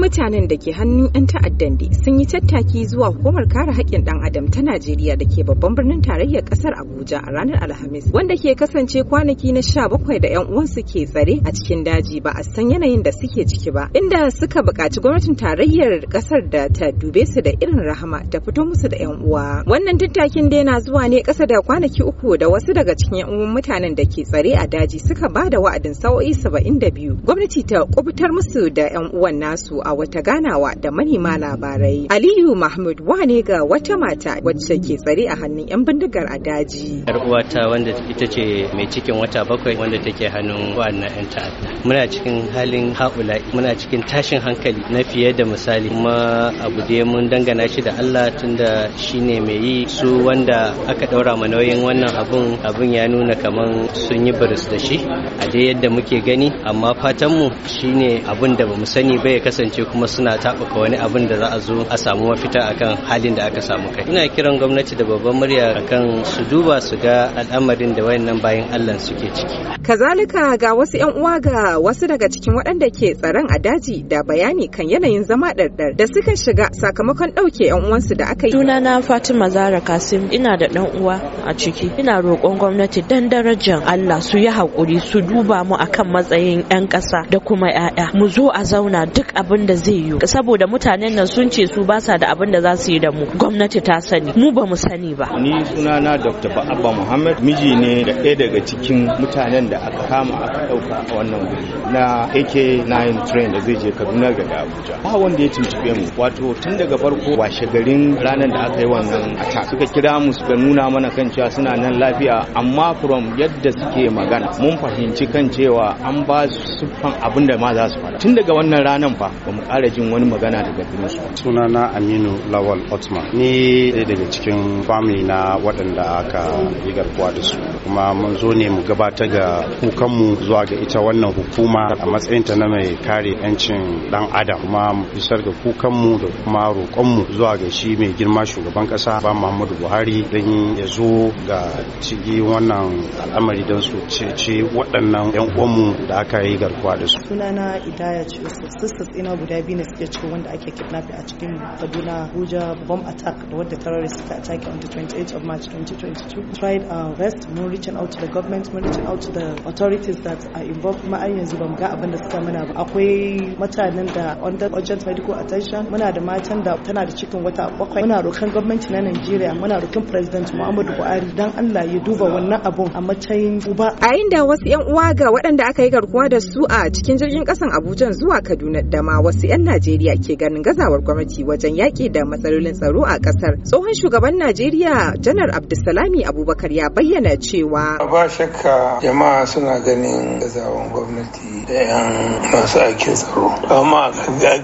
mutanen da ke hannun 'yan ta'addan da sun yi tattaki zuwa hukumar kare haƙƙin ɗan adam ta Najeriya da ke babban birnin tarayyar ƙasar Abuja a ranar Alhamis wanda ke kasance kwanaki na sha bakwai da 'yan uwansu ke tsare a cikin daji ba a san yanayin da suke ciki ba inda suka buƙaci gwamnatin tarayyar ƙasar da ta dube su da irin rahama ta fito musu da 'yan uwa. Wannan tattakin da yana zuwa ne ƙasa da kwanaki uku da wasu daga cikin 'yan uwan mutanen da ke tsare a daji suka ba da wa'adin sa'o'i biyu gwamnati ta kubutar musu da 'yan uwan nasu a a wata ganawa da manema labarai. Aliyu Mahmud wane ga wata mata wacce ke tsare a hannun 'yan bindigar a daji. Yar uwata wanda ita ce mai cikin wata bakwai wanda take hannun wa'annan 'yan ta'adda. Muna cikin halin haula muna cikin tashin hankali na fiye da misali. Kuma abu da mun dangana shi da Allah tunda shi ne mai yi su wanda aka ɗaura ma nauyin wannan abun abun ya nuna kamar sun yi baris da shi a dai yadda muke gani amma fatanmu shine abun da mu sani bai kasance kuma suna taɓuka wani abin da za a zo a samu mafita akan halin da aka samu kai ina kiran gwamnati da babban murya akan su duba su ga al'amarin da wayannan bayan Allah suke ciki kazalika ga wasu yan uwa ga wasu daga cikin waɗanda ke tsaron a daji da bayani kan yanayin zama ɗarɗar da suka shiga sakamakon ɗauke yan uwansu da aka yi na Fatima Zara Kasim ina da ɗan uwa a ciki ina roƙon gwamnati dan darajar Allah su yi haƙuri su duba mu akan matsayin 'yan ƙasa da kuma 'ya'ya mu zo a zauna duk abin da zai yiwu saboda mutanen nan sun ce su basa da abin da za su yi da mu gwamnati ta sani mu ba mu sani ba ni sunana dr ba'abba muhammad miji ne da ɗaya daga cikin mutanen da aka kama aka ɗauka a wannan wuri na ak9 train da zai je kaduna ga abuja ba wanda ya tuntube mu wato tun daga farko washe garin ranar da aka yi wannan attack suka kira mu suka nuna mana kan cewa suna nan lafiya amma from yadda suke magana mun fahimci kan cewa an ba su siffan abin da ma za su faɗa tun daga wannan ranar fa ba mu wani magana daga gare su sunana Aminu Lawal Otman ni ɗaya daga cikin family na waɗanda aka yi garkuwa da su kuma mun zo ne mu gabatar ga kukanmu zuwa ga ita wannan hukuma a matsayin ta na mai kare 'yancin dan adam kuma mu isar ga kukanmu da kuma roƙonmu zuwa ga shi mai girma shugaban ƙasa ba Muhammadu Buhari don ya zo ga cigi wannan al'amari don su cece waɗannan 'yan uwanmu da aka yi garkuwa da su sunana Idaya su Sisters Inobu guda biyu ne suke cikin wanda ake kidnapping a cikin kaduna abuja bomb attack da wadda terrorists suka attack on the 28th of march 2022 tried uh, arrest mun reaching out to the government mun reaching out to the authorities that are involved kuma an yanzu bamu ga abin da suka mana ba akwai mutanen da under urgent medical attention muna da matan da tana da cikin wata bakwai muna rokan gwamnati na nigeria muna rokan president Muhammadu Buhari dan Allah ya duba wannan abun a matsayin uba a inda wasu yan uwa ga waɗanda aka yi garkuwa da su a cikin jirgin kasan Abuja zuwa Kaduna da ma wasu wasu 'yan Najeriya ke ganin gazawar gwamnati wajen yaƙi da matsalolin tsaro a ƙasar. Tsohon shugaban Najeriya Janar Abdulsalami Abubakar ya bayyana cewa. Ba shakka jama'a suna ganin gazawar gwamnati da 'yan masu aikin tsaro. Amma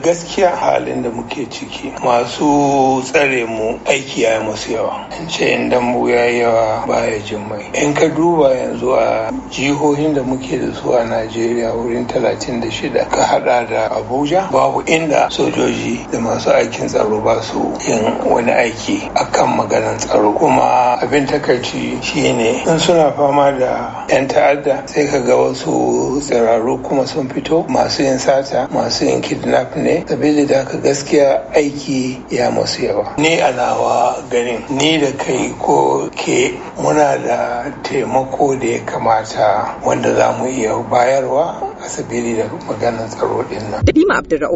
gaskiya halin da muke ciki masu tsare mu aiki ya yi masu yawa. In ce in dambu ya yawa baya jin mai. In ka duba yanzu a jihohin da muke da su a Najeriya wurin shida ka haɗa da Abuja. Ba babu inda sojoji da masu aikin tsaro ba su yin wani aiki akan maganar tsaro kuma abin takaici shine in suna fama da 'yan ta'adda sai ka ga wasu tsiraru kuma sun fito masu yin sata masu yin kidnap ne sabili da ka gaskiya aiki ya masu yawa ni alawa ganin ni da kai ko ke muna da taimako da ya kamata wanda za mu iya bayarwa a sabili da maganar tsaro din nan.